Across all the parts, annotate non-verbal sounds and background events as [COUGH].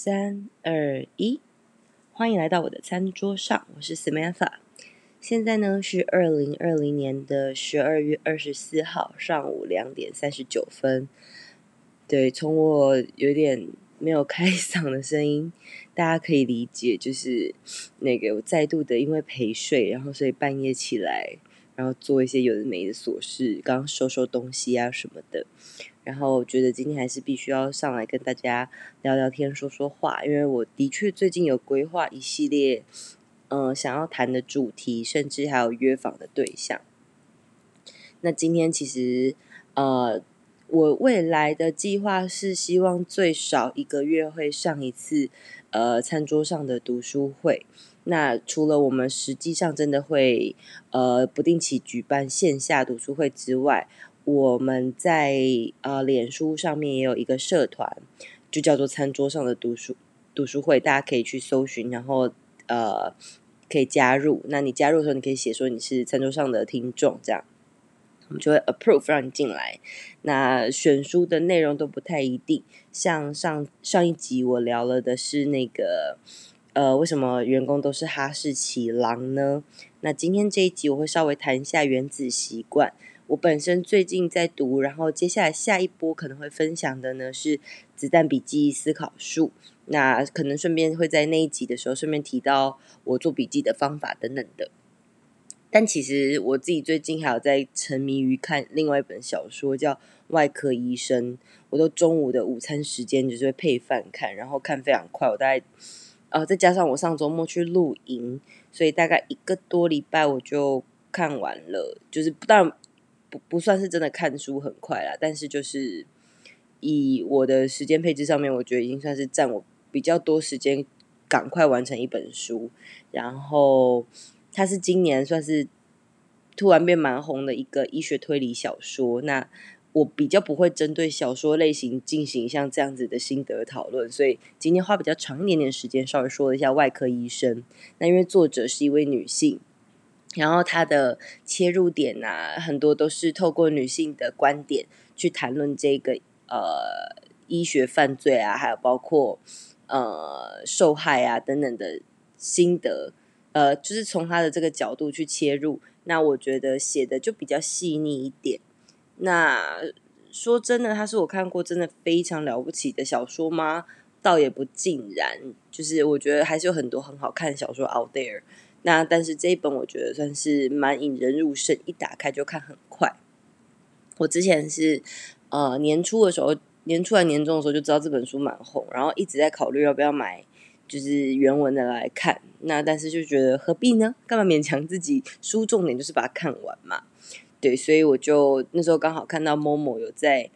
三二一，歡迎來到我的餐桌上，我是 Samantha。現在呢是二零二零年的十二月二十四號上午兩點三十九分。對，從我有點沒有開嗓的聲音，大家可以理解，就是那個我再度的因為陪睡，然後所以半夜起來，然後做一些有的沒的瑣事，剛剛收收東西啊什麼的。然後我覺得今天還是必須要上來跟大家聊聊天、說說話，因為我的確最近有規劃一系列，呃，想要談的主題，甚至還有約訪的對象。那今天其實，呃，我未來的計劃是希望最少一個月會上一次，呃，餐桌上的讀書會。那除了我們實際上真的會，呃，不定期舉辦線下讀書會之外，我們在呃，臉書上面也有一個社團，就叫做“餐桌上的讀書讀書會”，大家可以去搜尋，然後呃，可以加入。那你加入的時候，你可以寫說你是餐桌上的聽眾，這樣我們就會 approve 讓你進來。那選書的內容都不太一定，像上上一集我聊了的是那個呃，為什麼員工都是哈士奇狼呢？那今天這一集我會稍微談一下原子習慣。我本身最近在讀，然後接下來下一波可能會分享的呢是《子彈筆記思考術》，那可能順便會在那一集的時候順便提到我做筆記的方法等等的。但其實我自己最近還有在沉迷於看另外一本小說叫《外科醫生》，我都中午的午餐時間就是會配飯看，然後看非常快，我大概哦、呃，再加上我上周末去露營，所以大概一個多禮拜我就看完了，就是不但。不不算是真的看書很快啦，但是就是以我的時間配置上面，我覺得已經算是占我比較多時間，趕快完成一本書。然後它是今年算是突然變蠻紅的一個醫學推理小說。那我比較不會針對小說類型進行像這樣子的心得討論，所以今天花比較長一點點時間，稍微說一下外科醫生。那因為作者是一位女性。然後他的切入點啊，很多都是透過女性的觀點去談論這個呃醫學犯罪啊，還有包括呃受害啊等等的心得，呃，就是從他的這個角度去切入。那我覺得寫的就比較細膩一點。那說真的，他是我看過真的非常了不起的小說嗎？倒也不盡然，就是我覺得還是有很多很好看的小說 out there。那但是這一本我覺得算是蠻引人入勝，一打開就看很快。我之前是呃年初的時候，年初還年中的時候就知道這本書蠻紅，然後一直在考慮要不要買，就是原文的來看。那但是就覺得何必呢？幹嘛勉強自己？書重點就是把它看完嘛，對。所以我就那時候剛好看到 Momo 有在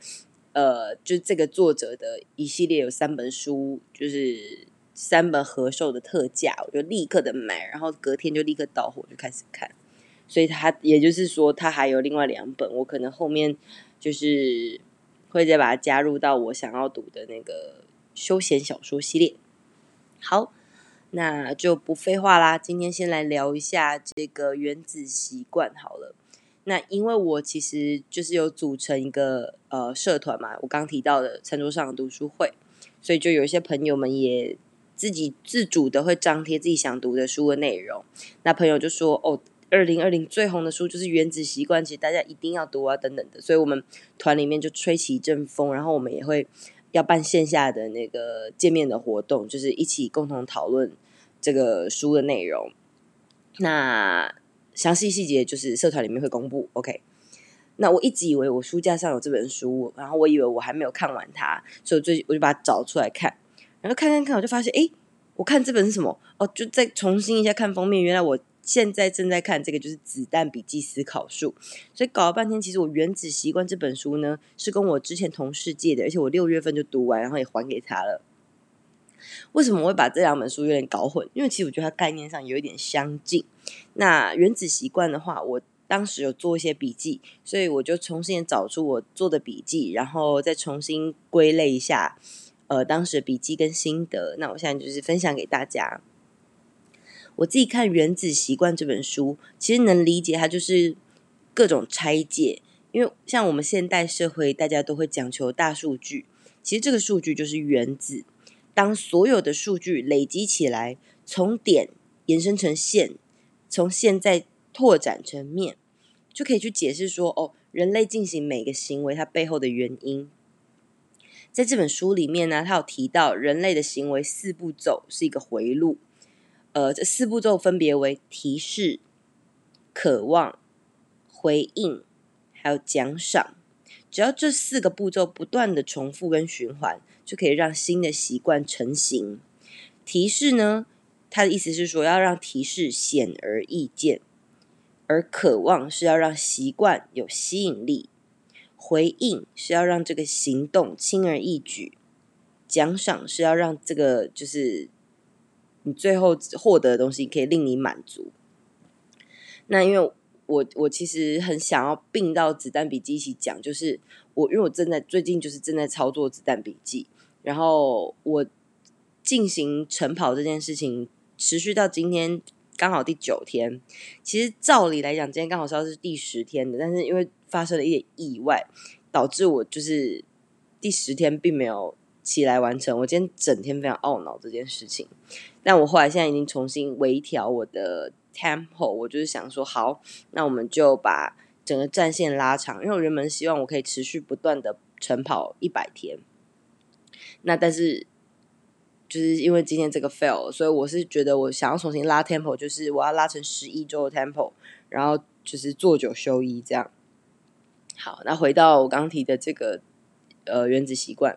呃，就這個作者的一系列有三本書，就是。三本合售的特價，我就立刻的買，然後隔天就立刻到貨就開始看。所以他也就是說，他還有另外兩本，我可能後面就是會再把它加入到我想要讀的那個休閒小說系列。好，那就不廢話啦，今天先來聊一下這個《原子習慣》好了。那因為我其實就是有組成一個呃社團嘛，我剛提到的餐桌上的讀書會，所以就有一些朋友們也。自己自主的會張貼自己想讀的書的內容，那朋友就說：“哦，二零二零最紅的書就是《原子習慣》，其實大家一定要讀啊，等等的。”所以我們團裡面就吹起一陣風，然後我們也會要辦線下的那個見面的活動，就是一起共同討論這個書的內容。那詳細細節就是社團裡面會公布。OK，那我一直以為我書架上有這本書，然後我以為我還沒有看完它，所以我就把它找出來看。然後看看看，我就發現，誒，我看這本是什麼？哦，就再重新一下看封面。原來我現在正在看這個，就是《子彈筆記思考術》。所以搞了半天，其實我《原子習慣》這本書呢，是跟我之前同事借的，而且我六月份就讀完，然後也還給他了。為什麼我會把這兩本書有點搞混？因為其實我覺得它概念上有一點相近。那《原子習慣》的話，我當時有做一些筆記，所以我就重新找出我做的筆記，然後再重新歸類一下。呃，當時的筆記跟心得，那我現在就是分享給大家。我自己看《原子習慣》這本書，其實能理解它就是各種拆解。因為像我們現代社會，大家都會講求大數據，其實這個數據就是原子。當所有的數據累積起來，從點延伸成線，從線再拓展成面，就可以去解釋說，哦，人類進行每個行為，它背後的原因。在這本書裡面呢，他有提到人類的行為四步走是一個迴路，呃，這四步驟分別為提示、渴望、回應，還有獎賞。只要這四個步驟不斷的重複跟循環，就可以讓新的習慣成型。提示呢，他的意思是說要讓提示顯而易見，而渴望是要讓習慣有吸引力。回應是要讓這個行動輕而易舉，獎賞是要讓這個就是你最後獲得的東西可以令你滿足。那因為我我其實很想要並到子彈筆記一起講，就是我因為我正在最近就是正在操作子彈筆記，然後我進行晨跑這件事情持續到今天。剛好第九天，其實照理來講，今天剛好是要是第十天的，但是因為發生了一點意外，導致我就是第十天並沒有起來完成。我今天整天非常懊惱這件事情，但我後來現在已經重新微調我的 tempo，我就是想說，好，那我們就把整個戰線拉長，因為人們希望我可以持續不斷的晨跑一百天，那但是。就是因為今天這個 fail，所以我是覺得我想要重新拉 tempo，就是我要拉成十一週的 tempo，然後就是做九休一這樣。好，那回到我剛提的這個呃原子習慣，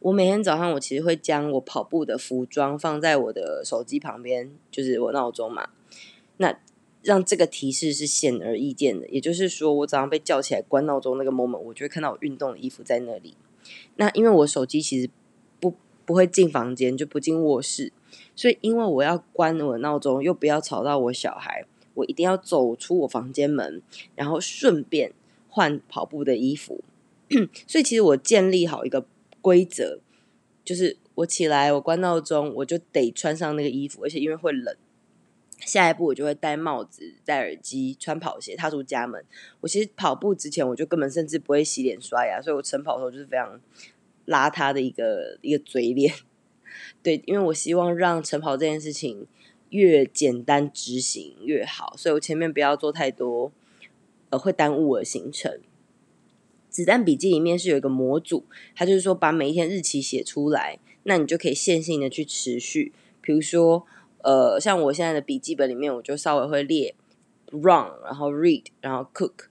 我每天早上我其實會將我跑步的服裝放在我的手機旁邊，就是我鬧鐘嘛。那讓這個提示是顯而易見的，也就是說我早上被叫起來關鬧鐘那個 moment，我就會看到我運動的衣服在那裡。那因為我手機其實。不會進房間，就不進臥室。所以，因為我要關我的鬧鐘，又不要吵到我小孩，我一定要走出我房間門，然後順便換跑步的衣服。 [COUGHS] 所以，其實我建立好一個規則，就是我起來，我關鬧鐘，我就得穿上那個衣服，而且因為會冷，下一步我就會戴帽子、戴耳機、穿跑鞋，踏出家門。我其實跑步之前，我就根本甚至不會洗臉刷牙，所以我晨跑的時候就是非常。邋遢的一個一個嘴臉，對，因為我希望讓晨跑這件事情越簡單執行越好，所以我前面不要做太多，呃，會耽誤我行程。子彈筆記裡面是有一個模組，它就是說把每一天日期寫出來，那你就可以線性的去持續。比如說，呃，像我現在的筆記本裡面，我就稍微會列 run，然後 read，然後 cook，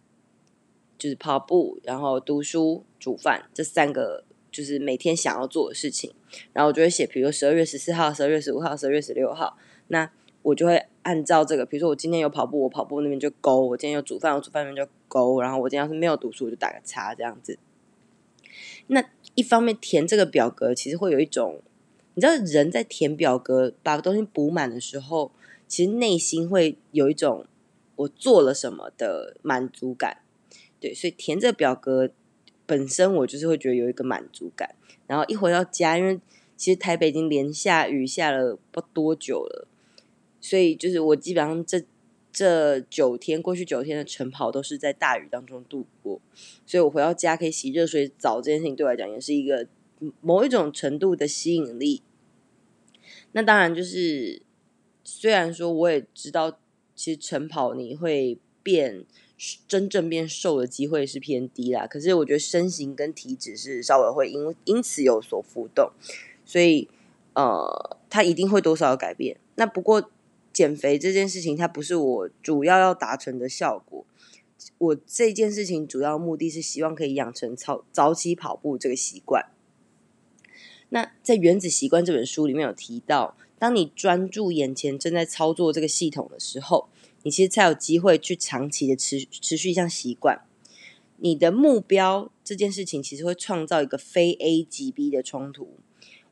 就是跑步，然後讀書，煮飯這三個。就是每天想要做的事情，然後我就會寫，比如說十二月十四號、十二月十五號、十二月十六號。那我就會按照這個，比如說我今天有跑步，我跑步那邊就勾；我今天有煮飯，我煮飯那邊就勾。然後我今天要是沒有讀書，我就打個叉這樣子。那一方面填這個表格，其實會有一種你知道人在填表格把東西補滿的時候，其實內心會有一種我做了什麼的滿足感。對，所以填這個表格。本身我就是會覺得有一個滿足感，然後一回到家，因為其實台北已經連下雨下了不多久了，所以就是我基本上這這九天過去九天的晨跑都是在大雨當中度過，所以我回到家可以洗熱水澡這件事情，對我來講也是一個某一種程度的吸引力。那當然就是，雖然說我也知道，其實晨跑你會變。真正變瘦的機會是偏低啦，可是我覺得身形跟體脂是稍微會因因此有所浮動，所以呃，它一定會多少有改變。那不過減肥這件事情，它不是我主要要達成的效果。我這件事情主要目的是希望可以養成早早起跑步這個習慣。那在《原子習慣》這本書裡面有提到，當你專注眼前正在操作這個系統的時候，你其實才有機會去長期的持持續一項習慣。你的目標這件事情，其實會創造一個非 A 即 B 的衝突。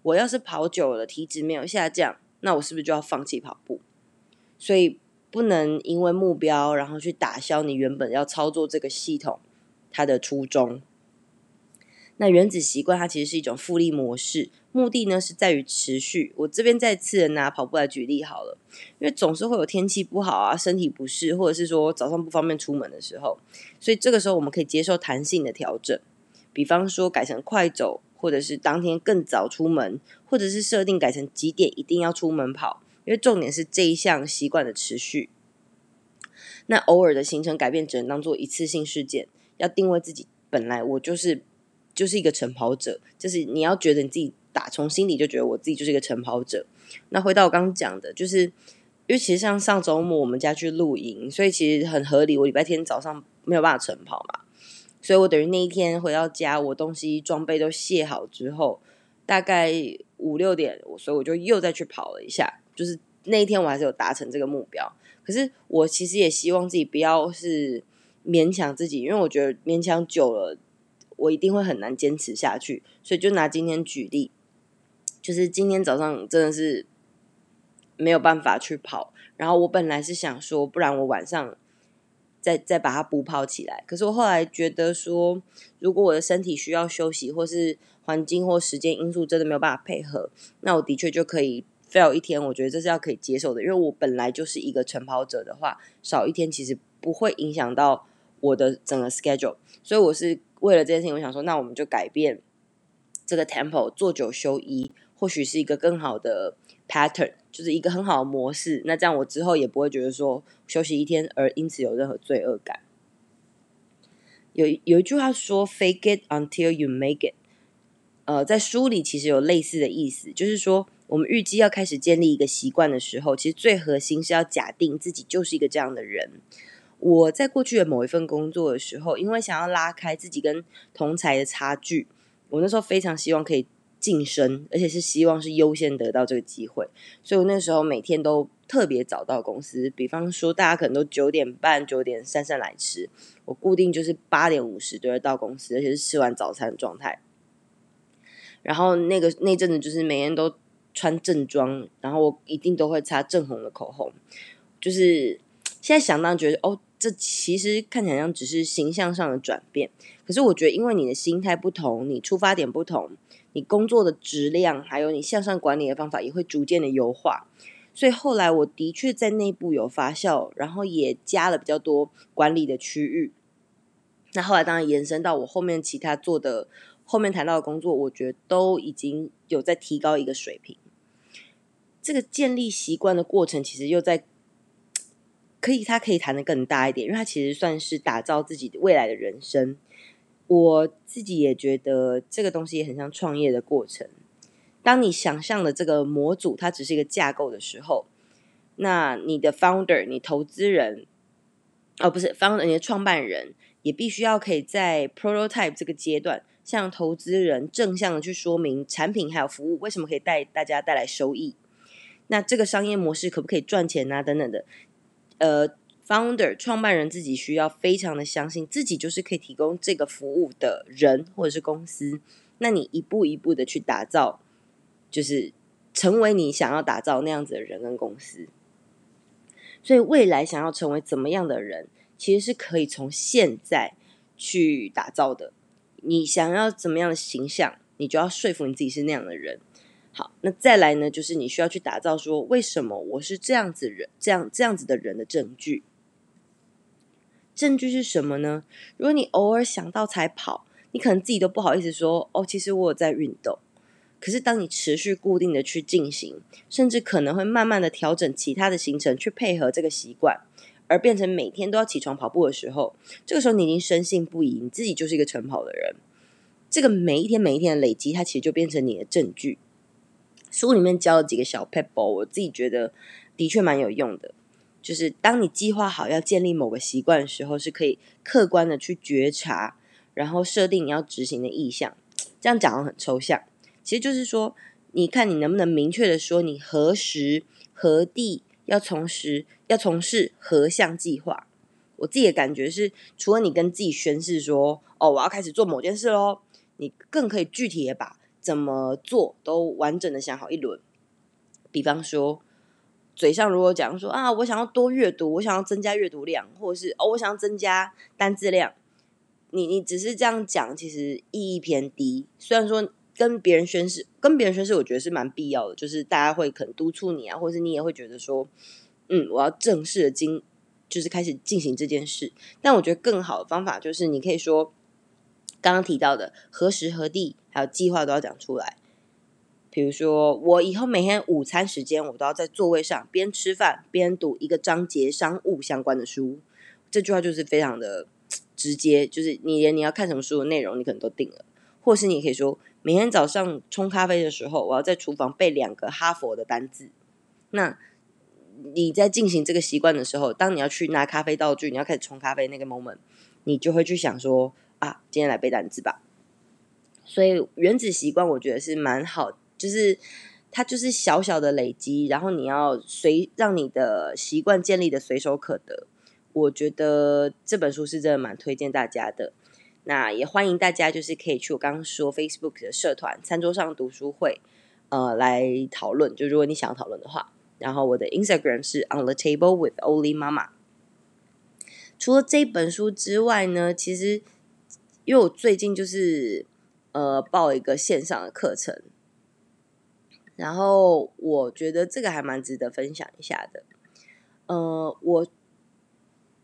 我要是跑久了，體脂沒有下降，那我是不是就要放棄跑步？所以不能因為目標，然後去打消你原本要操作這個系統它的初衷。那原子習慣，它其實是一種複利模式。目的呢是在於持續。我這邊再次拿跑步來舉例好了，因為總是會有天氣不好啊、身體不適，或者是說早上不方便出門的時候，所以這個時候我們可以接受彈性的調整，比方說改成快走，或者是當天更早出門，或者是設定改成幾點一定要出門跑。因為重點是這一項習慣的持續。那偶爾的行程改變，只能當做一次性事件，要定位自己。本來我就是就是一個晨跑者，就是你要覺得你自己。打從心裡就覺得我自己就是一個晨跑者。那回到我剛剛講的，就是因為其實像上周末我們家去露營，所以其實很合理，我禮拜天早上沒有辦法晨跑嘛，所以我等於那一天回到家，我東西裝備都卸好之後，大概五六點，我所以我就又再去跑了一下。就是那一天我還是有達成這個目標。可是我其實也希望自己不要是勉強自己，因為我覺得勉強久了，我一定會很難堅持下去。所以就拿今天舉例。就是今天早上真的是沒有辦法去跑，然後我本來是想說，不然我晚上再再把它補跑起來。可是我後來覺得說，如果我的身體需要休息，或是環境或時間因素真的沒有辦法配合，那我的確就可以 fail 一天。我覺得這是要可以接受的，因為我本來就是一個晨跑者的話，少一天其實不會影響到我的整個 schedule。所以我是為了這件事情，我想說，那我們就改變這個 tempo，做九休一。或許是一個更好的 pattern，就是一個很好的模式。那這樣我之後也不會覺得說休息一天而因此有任何罪惡感。有有一句話說 "fake it until you make it"，呃，在書裡其實有類似的意思，就是說我們預計要開始建立一個習慣的時候，其實最核心是要假定自己就是一個這樣的人。我在過去的某一份工作的時候，因為想要拉開自己跟同儕的差距，我那時候非常希望可以。晉升，而且是希望是優先得到這個機會，所以我那時候每天都特別早到公司。比方說，大家可能都九點半、九點姍姍來遲，我固定就是八點五十就會到公司，而且是吃完早餐的狀態。然後那個那陣子，就是每天都穿正裝，然後我一定都會擦正紅的口紅。就是現在想當覺得哦。這其實看起來像只是形象上的轉變，可是我覺得因為你的心態不同，你出發點不同，你工作的質量，還有你向上管理的方法也會逐漸的優化。所以後來我的確在內部有發酵，然後也加了比較多管理的區域。那後來當然延伸到我後面其他做的，後面談到的工作，我覺得都已經有在提高一個水平。這個建立習慣的過程，其實又在。可以，他可以談的更大一點，因為他其實算是打造自己未來的人生。我自己也覺得這個東西也很像創業的過程。當你想象的這個模組它只是一個架構的時候，那你的 founder，你投資人，哦，不是 founder，你的創辦人也必須要可以在 prototype 這個階段，向投資人正向的去說明產品還有服務為什麼可以帶大家帶來收益，那這個商業模式可不可以賺錢啊？等等的。呃、uh，founder 創辦人自己需要非常的相信自己，就是可以提供這個服務的人或者是公司。那你一步一步的去打造，就是成為你想要打造那樣子的人跟公司。所以未來想要成為怎麼樣的人，其實是可以從現在去打造的。你想要怎麼樣的形象，你就要說服你自己是那樣的人。好，那再來呢，就是你需要去打造說，為什麼我是這樣子人，這樣這樣子的人的證據。證據是什麼呢？如果你偶爾想到才跑，你可能自己都不好意思說哦，其實我有在運動。可是當你持續固定的去進行，甚至可能會慢慢的調整其他的行程去配合這個習慣，而變成每天都要起床跑步的時候，這個時候你已經深信不疑，你自己就是一個晨跑的人。這個每一天每一天的累積，它其實就變成你的證據。書裡面教了幾個小撇步，我自己覺得的確蠻有用的。就是當你計劃好要建立某個習慣的時候，是可以客觀的去覺察，然後設定你要執行的意向。這樣講得很抽象，其實就是說，你看你能不能明確的說，你何時何地要從事要從事何項計劃？我自己的感覺是，除了你跟自己宣誓說，哦，我要開始做某件事咯，你更可以具體的把。怎麼做都完整的想好一輪，比方說，嘴上如果講說啊，我想要多閱讀，我想要增加閱讀量，或者是哦，我想要增加單字量，你你只是這樣講，其實意義偏低。雖然說跟別人宣誓，跟別人宣誓，我覺得是蠻必要的，就是大家會可能督促你啊，或者是你也會覺得說，嗯，我要正式的經，就是開始進行這件事。但我覺得更好的方法就是，你可以說。剛剛提到的何時何地，還有計劃都要講出來。比如說，我以後每天午餐時間，我都要在座位上邊吃飯邊讀一個章節商務相關的書。這句話就是非常的直接，就是你連你要看什麼書的內容，你可能都定了。或是你可以說，每天早上沖咖啡的時候，我要在廚房背兩個哈佛的單字。那你在進行這個習慣的時候，當你要去拿咖啡道具，你要開始沖咖啡那個 moment，你就會去想說。啊，今天來背單詞吧。所以原子習慣，我覺得是蠻好，就是它就是小小的累積，然後你要隨讓你的習慣建立的隨手可得。我覺得這本書是真的蠻推薦大家的。那也歡迎大家就是可以去我剛剛說 Facebook 的社團餐桌上讀書會，呃，來討論。就如果你想要討論的話，然後我的 Instagram 是 On the Table with Oli 媽媽。除了這本書之外呢，其實。因為我最近就是呃報一個線上的課程，然後我覺得這個還蠻值得分享一下的。呃，我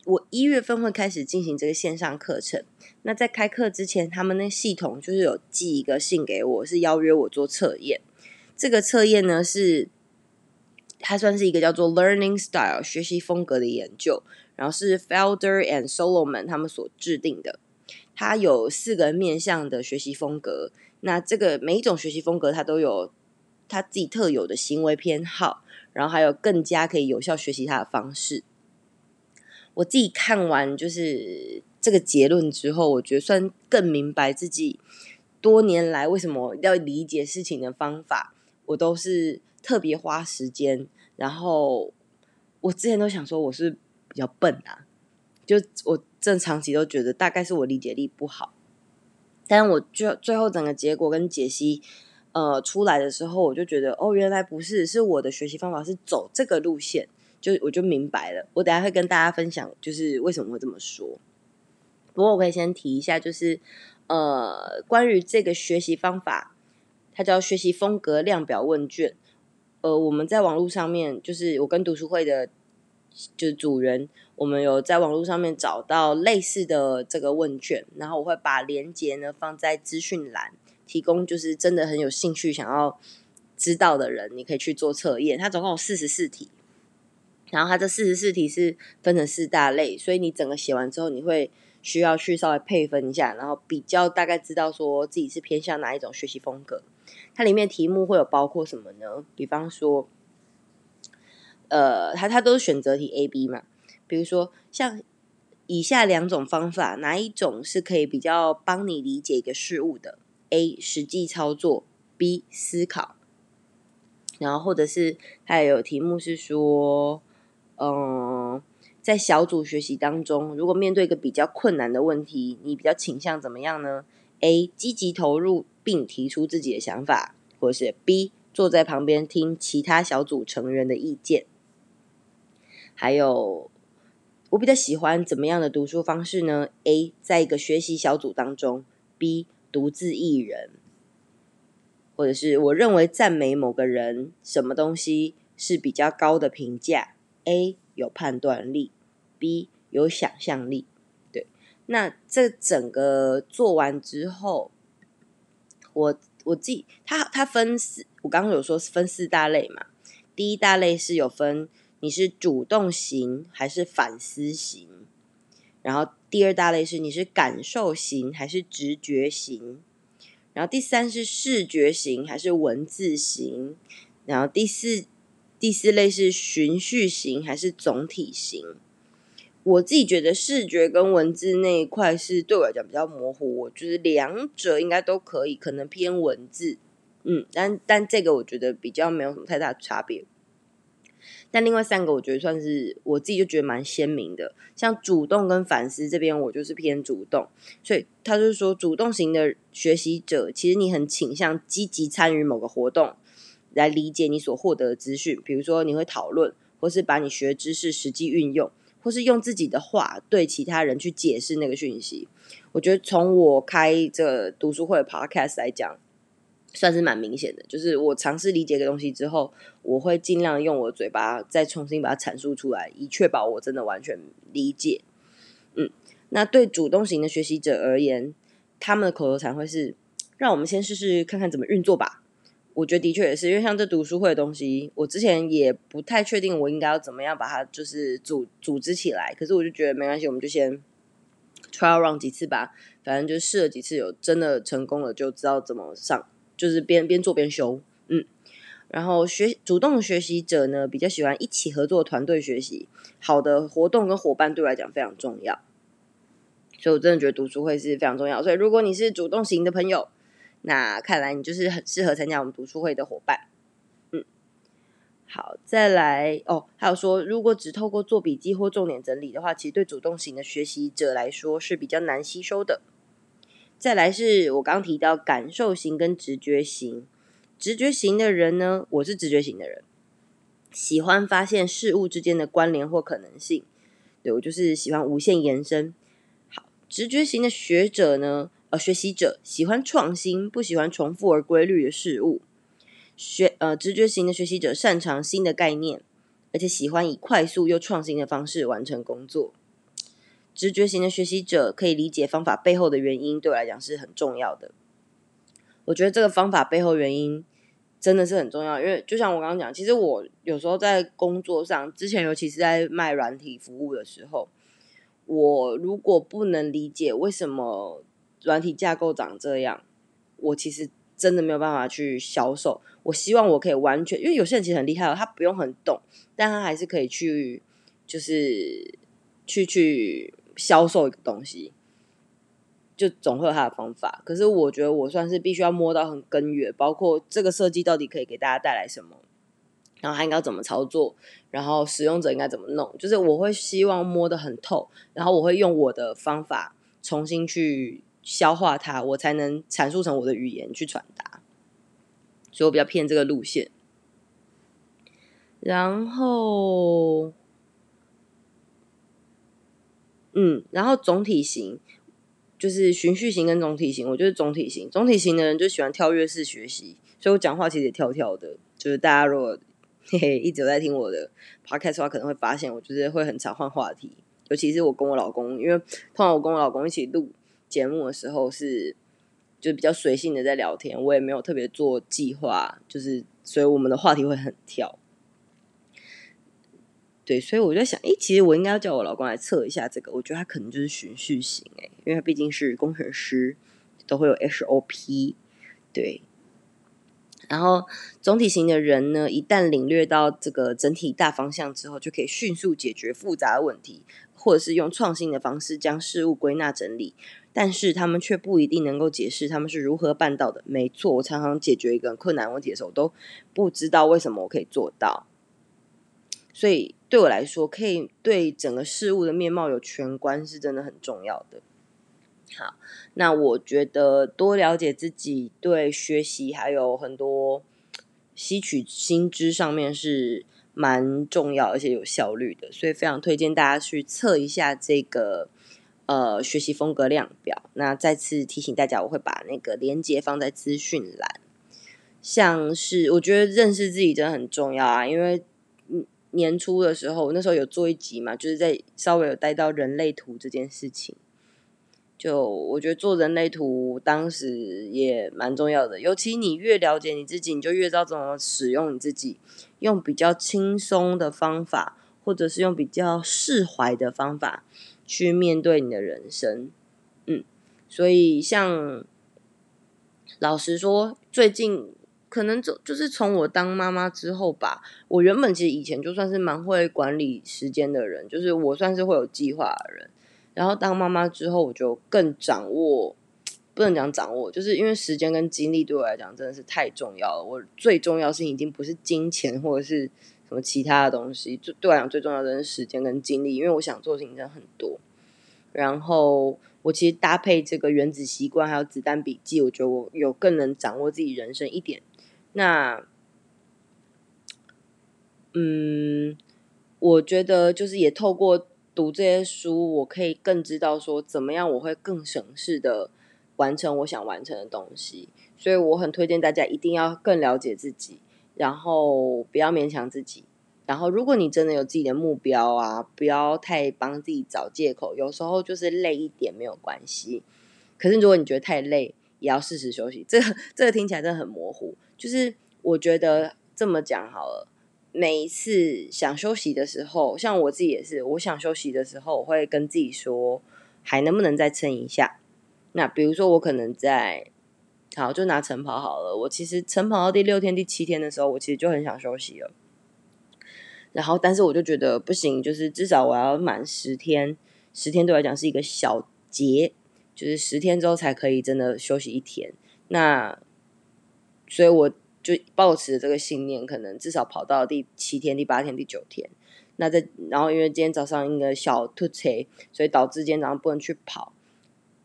我一月份會開始進行這個線上課程。那在開課之前，他們那系統就是有寄一個信給我，是邀約我做測驗。這個測驗呢是它算是一個叫做 learning style 學習風格的研究，然後是 Felder and Solomon 他們所制定的。他有四個面向的學習風格，那這個每一種學習風格，他都有他自己特有的行為偏好，然後還有更加可以有效學習他的方式。我自己看完就是這個結論之後，我覺得算更明白自己多年來為什麼要理解事情的方法，我都是特別花時間。然後我之前都想說，我是比較笨啊。就我正長期都覺得，大概是我理解力不好，但我最最後整個結果跟解析，呃，出來的時候，我就覺得哦，原來不是，是我的學習方法是走這個路線，就我就明白了。我等下會跟大家分享，就是為什麼會這麼說。不過我可以先提一下，就是呃，關於這個學習方法，它叫學習風格量表問卷。呃，我們在網絡上面，就是我跟讀書會的。就是主人，我們有在網絡上面找到類似的這個問卷，然後我會把連結呢放在資訊欄，提供就是真的很有興趣想要知道的人，你可以去做測驗。它總共有四十四題，然後它這四十四題是分成四大類，所以你整個寫完之後，你會需要去稍微配分一下，然後比較大概知道說自己是偏向哪一種學習風格。它裡面題目會有包括什麼呢？比方說。呃，他他都是選擇題，A、B 嘛。比如說，像以下兩種方法，哪一種是可以比較幫你理解一個事物的？A 實際操作，B 思考。然後，或者是他有題目是說，嗯、呃，在小組學習當中，如果面對一個比較困難的問題，你比較傾向怎麼樣呢？A 積極投入並提出自己的想法，或者是 B 坐在旁邊聽其他小組成員的意見。還有，我比較喜歡怎麼樣的讀書方式呢？A，在一個學習小組當中；B，獨自一人。或者是我認為讚美某個人、什麼東西是比較高的評價？A 有判斷力，B 有想象力。對，那這整個做完之後，我我自己，他他分四，我剛剛有說分四大類嘛。第一大類是有分。你是主動型還是反思型？然後第二大類是你是感受型還是直覺型？然後第三是視覺型還是文字型？然後第四第四類是循序型還是總體型？我自己覺得視覺跟文字那一塊是對我來講比較模糊，我覺得兩者應該都可以，可能偏文字，嗯，但但這個我覺得比較沒有什麼太大差別。但另外三個，我覺得算是我自己就覺得蠻鮮明的，像主動跟反思這邊，我就是偏主動，所以他就是說，主動型的學習者，其實你很傾向積極參與某個活動，來理解你所獲得的資訊，比如說你會討論，或是把你學知識實際運用，或是用自己的話對其他人去解釋那個訊息。我覺得從我開這個讀書會的 podcast 來講。算是蠻明顯的，就是我嘗試理解個東西之後，我會盡量用我的嘴巴再重新把它闡述出來，以確保我真的完全理解。嗯，那對主動型的學習者而言，他們的口頭禪會是“讓我們先試試看看怎麼運作吧”。我覺得的確也是，因為像這讀書會的東西，我之前也不太確定我應該要怎麼樣把它就是組組織起來，可是我就覺得沒關係，我們就先 trial run 幾次吧，反正就試了幾次，有真的成功了，就知道怎麼上。就是邊邊做邊修，嗯，然後學主動學習者呢，比較喜歡一起合作團隊學習，好的活動跟夥伴對我來講非常重要，所以我真的覺得讀書會是非常重要。所以如果你是主動型的朋友，那看來你就是很適合參加我們讀書會的夥伴，嗯，好，再來哦，還有說，如果只透過做筆記或重點整理的話，其實對主動型的學習者來說是比較難吸收的。再來是我剛提到感受型跟直覺型，直覺型的人呢，我是直覺型的人，喜歡發現事物之間的關聯或可能性。對，我就是喜歡無限延伸。好，直覺型的學者呢，呃，學習者喜歡創新，不喜歡重複而規律的事物。學呃，直覺型的學習者擅長新的概念，而且喜歡以快速又創新的方式完成工作。直覺型的學習者可以理解方法背後的原因，對我來講是很重要的。我覺得這個方法背後原因真的是很重要，因為就像我剛剛講，其實我有時候在工作上，之前尤其是在賣軟體服務的時候，我如果不能理解為什麼軟體架構長這樣，我其實真的沒有辦法去銷售。我希望我可以完全，因為有些人其實很厲害哦，他不用很懂，但他還是可以去，就是去去。銷售一個東西，就總會有他的方法。可是我覺得我算是必須要摸到很根源，包括這個設計到底可以給大家帶來什麼，然後它應該怎麼操作，然後使用者應該怎麼弄，就是我會希望摸得很透，然後我會用我的方法重新去消化它，我才能闡述成我的語言去傳達。所以我比較偏這個路線，然後。嗯，然後總體型就是循序型跟總體型。我覺得總體型，總體型的人就喜歡跳躍式學習，所以我講話其實也跳跳的。就是大家如果嘿嘿一直在聽我的 podcast 話，可能會發現我就是會很常換話題。尤其是我跟我老公，因為通常我跟我老公一起錄節目的時候是就比較隨性的在聊天，我也沒有特別做計劃，就是所以我們的話題會很跳。對，所以我就想，誒、欸，其實我應該要叫我老公來測一下這個，我覺得他可能就是循序型，因為他畢竟是工程師，都會有 SOP。對，然後總體型的人呢，一旦領略到這個整體大方向之後，就可以迅速解決複雜的問題，或者是用創新的方式將事物歸納整理，但是他們卻不一定能夠解釋他們是如何辦到的。沒錯，我常常解決一個很困難問題的時候，都不知道為什麼我可以做到。所以對我來說，可以對整個事物的面貌有全觀，是真的很重要的。好，那我覺得多了解自己，對學習還有很多吸取新知上面是蠻重要，而且有效率的。所以非常推薦大家去測一下這個呃學習風格量表。那再次提醒大家，我會把那個連結放在資訊欄。像是我覺得認識自己真的很重要啊，因為。年初的時候，那時候有做一集嘛，就是在稍微有帶到人類圖這件事情。就我覺得做人類圖，當時也蠻重要的。尤其你越了解你自己，你就越知道怎麼使用你自己，用比較輕鬆的方法，或者是用比較釋懷的方法去面對你的人生。嗯，所以像老實說，最近。可能就就是從我當媽媽之後吧。我原本其實以前就算是蠻會管理時間的人，就是我算是會有計劃的人。然後當媽媽之後，我就更掌握，不能講掌握，就是因為時間跟精力對我來講真的是太重要了。我最重要是已經不是金錢或者是什麼其他的東西，就對我來講最重要的是時間跟精力，因為我想做的事情真的很多。然後我其實搭配這個原子習慣還有子彈筆記，我覺得我有更能掌握自己人生一點。那，嗯，我覺得就是也透過讀這些書，我可以更知道說怎麼樣，我會更省事的完成我想完成的東西。所以我很推薦大家一定要更了解自己，然後不要勉強自己。然後如果你真的有自己的目標啊，不要太幫自己找借口。有時候就是累一點沒有關係，可是如果你覺得太累，也要適時休息。這個這個聽起來真的很模糊。就是我覺得這麼講好了，每一次想休息的時候，像我自己也是，我想休息的時候，我會跟自己說還能不能再撐一下。那比如說我可能在，好就拿晨跑好了，我其實晨跑到第六天、第七天的時候，我其實就很想休息了。然後，但是我就覺得不行，就是至少我要滿十天，十天對我來講是一個小節，就是十天之後才可以真的休息一天。那所以我就抱持這個信念，可能至少跑到第七天、第八天、第九天。那在然後，因為今天早上一個小凸槌，所以導致今天早上不能去跑。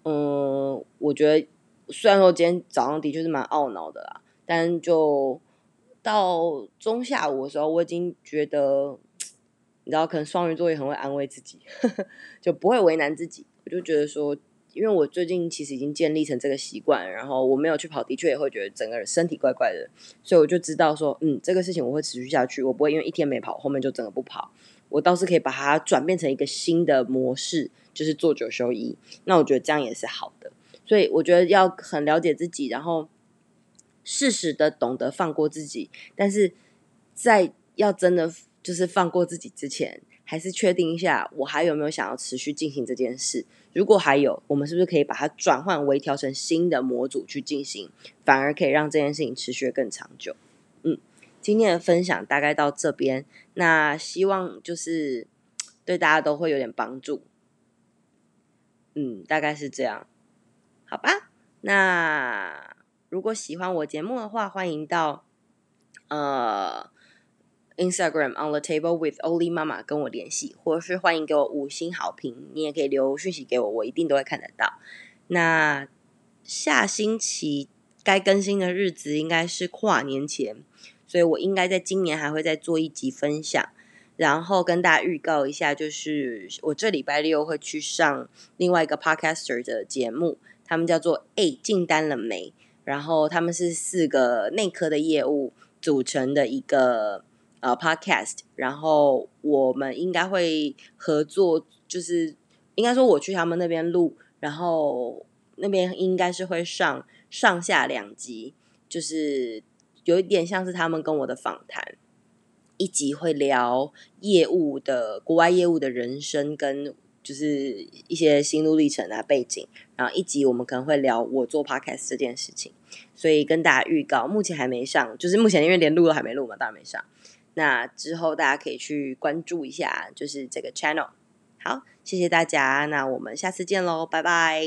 嗯，我覺得雖然說今天早上的確是蠻懊惱的啦，但就到中下午的時候，我已經覺得，你知道，可能雙魚座也很會安慰自己，呵呵，就不會為難自己。我就覺得說。因為我最近其實已經建立成這個習慣，然後我沒有去跑，的確也會覺得整個人身體怪怪的，所以我就知道說，嗯，這個事情我會持續下去，我不會因為一天沒跑，後面就整個不跑。我倒是可以把它轉變成一個新的模式，就是做九休一。那我覺得這樣也是好的。所以我覺得要很了解自己，然後適時的懂得放過自己，但是在要真的就是放過自己之前，還是確定一下，我還有沒有想要持續進行這件事？如果還有，我們是不是可以把它轉換、微調成新的模組去進行，反而可以讓這件事情持續得更長久？嗯，今天的分享大概到這邊，那希望就是對大家都會有點幫助。嗯，大概是這樣，好吧？那如果喜歡我節目的話，歡迎到呃。Instagram on the table with Oli Mama，跟我聯繫，或者是歡迎給我五星好評，你也可以留訊息給我，我一定都會看得到。那下星期該更新的日子應該是跨年前，所以我應該在今年還會再做一集分享，然後跟大家預告一下，就是我這禮拜六會去上另外一個 podcaster 的節目，他們叫做《A 進單了沒》，然後他們是四個內科的業務組成的一個。呃、uh，podcast，然後我們應該會合作，就是應該說我去他們那邊錄，然後那邊應該是會上上下兩集，就是有一點像是他們跟我的訪談，一集會聊業務的國外業務的人生跟就是一些心路歷程啊背景，然後一集我們可能會聊我做 podcast 這件事情，所以跟大家預告，目前還沒上，就是目前因為連錄都還沒錄嘛，當然沒上。那之後大家可以去關注一下，就是這個 channel。好，謝謝大家，那我們下次見囉，拜拜。